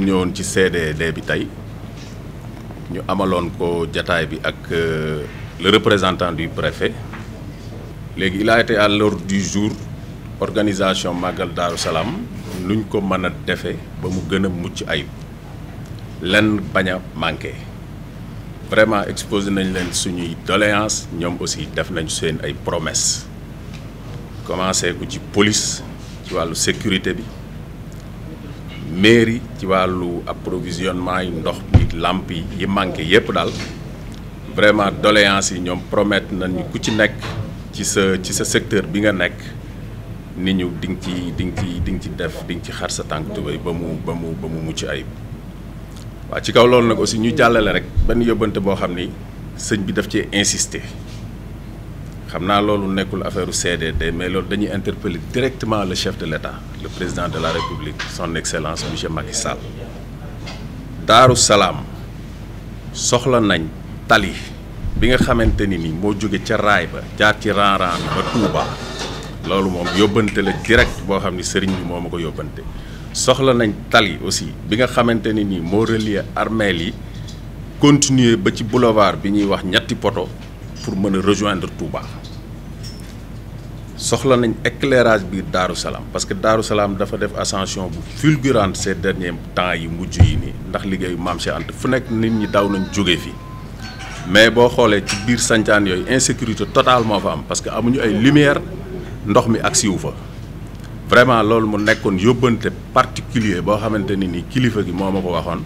ñu ñëwoon ci CDD bi tey ñu amaloon ko jataay bi ak euh, le représentant du préfet léegi il a été à l'ordre du jour organisation Magal Daaru Salaam luñ ko mën a defee ba mu gën a mucc ay lenn bañ a manqué vraiment exposé nañ leen suñuy doléance ñoom aussi def nañ seen ay promesses commencé ko ci police ci wàllu sécurité bi mairie ci wàllu approvisionnement yi ndox bi làmp yi yi manqué yépp daal vraiment doléance yi ñoom promettre nañu ku ci nekk ci sa ci sa secteur bi nga nekk ni ñu di nga ci di nga ci di nga ci def di nga ci xar sa tànk tubéy ba mu ba mu ba mucc ayib waa ci kaw loolu nag aussi ñu jàllale rek benn yóbbante boo xam ni sëñ bi daf cee insister xam naa loolu nekkul affaire CDD mais loolu dañuy interpeller directement le chef de l'État le président de la République son excellence monsieur Macky Sall Daaru Salaam soxla nañ tali bi nga xamante ni ni moo jóge ca raay ba jaar ci ranran ba Touba loolu moom yóbbante la direct boo xam ni sëriñ bi moo ma ko yóbbante soxla nañ tali aussi bi nga xamante ni nii moo relier armeel yi continuer ba ci boulevard bi ñuy wax ñetti poto pour mën a rejoindre Touba soxla nañ éclairage biir Daaru Salaam parce que Daaru Salaam dafa def ascension bu fulgurante ces derniers temps yi mujj yi nii ndax liggéeyu Maam Cheikh Anta fu nekk nit ñi daw nañ jóge fi mais boo xoolee ci biir sancaan yooyu insécurité totale moo fa am parce que amuñu ay lumière ndox mi ak siwu fa vraiment loolu mu nekkoon yóbbante particulier boo xamante ni nii kilifa gi moo ma ko waxoon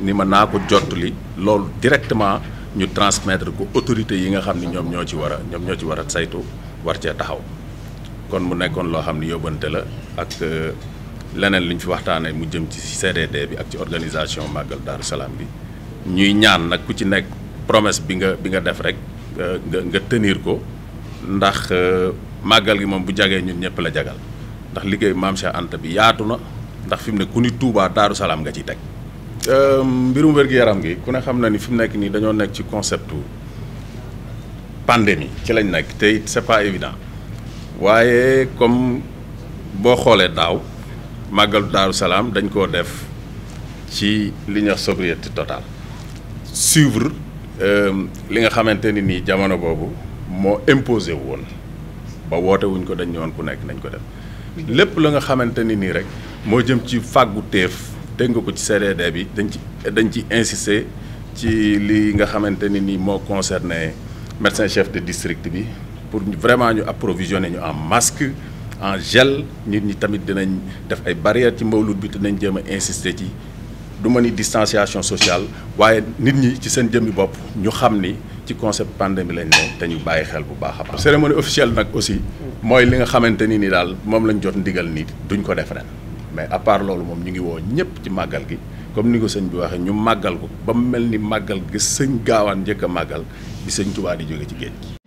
ni ma naa ko li loolu directement ñu transmettre ko autorité yi nga xam ni ñoom ñoo ci war a ñoom ñoo ci war a saytu war cee taxaw kon mu nekkoon loo xam ne yóbbante la ak euh, leneen li ñu fi waxtaanee mu jëm ci CDD bi ak ci organisation màggal Daaru Salaam bi ñuy ñaan nag ku ci nekk promesse bi nga bi nga def rek euh, nga nga tenir ko ndax euh, maggal gi moom bu jagee ñun ñëpp la jagal ndax liggéey maam Cheikh bi yaatu na ndax fi mu ne ku ni Touba Daaru Salaam nga ciy teg. mbirum wér-gu-yaram gi ku ne xam na ni fi mu nekk nii dañoo nekk ci conceptu pandémie ci lañ nekk te it c'est pas évident. waaye comme boo xoolee daaw màggalu daaru salaam dañ koo def ci li ñuy wax sobriété totale suivre euh, li nga xamante ni nii jamono boobu moo imposé wu woon ba woote ko dañ ne ku nekk nañ ko def lépp la nga xamante ni nii rek moo jëm ci fàggu téef dégg nga ko ci CDD bi dañ ci dañ ci insister ci li nga xamante ni nii moo concerné médecin chef de district bi pour vraiment ñu approvisionner ñu en masque en gel nit ñi tamit dinañ def ay barrières ci mawlud bi te nañ jéem a insister ci du ma ni distanciation sociale waaye nit ñi ci seen jëmmi bopp ñu xam ni ci concept pandémie lañ ne te ñu bàyyi xel bu baax a baax. cérémonie officielle nag aussi mooy li nga xamante ni ni daal moom lañ jot ndigal nii duñ ko def ren mais à part loolu moom ñu ngi woo ñëpp ci màggal gi comme ni ko sëñ bi waxee ñu màggal ko ba mu mel ni màggal gi sëñ gaawaan njëkk a màggal bi sëñ Tuubaa di jóge ci géej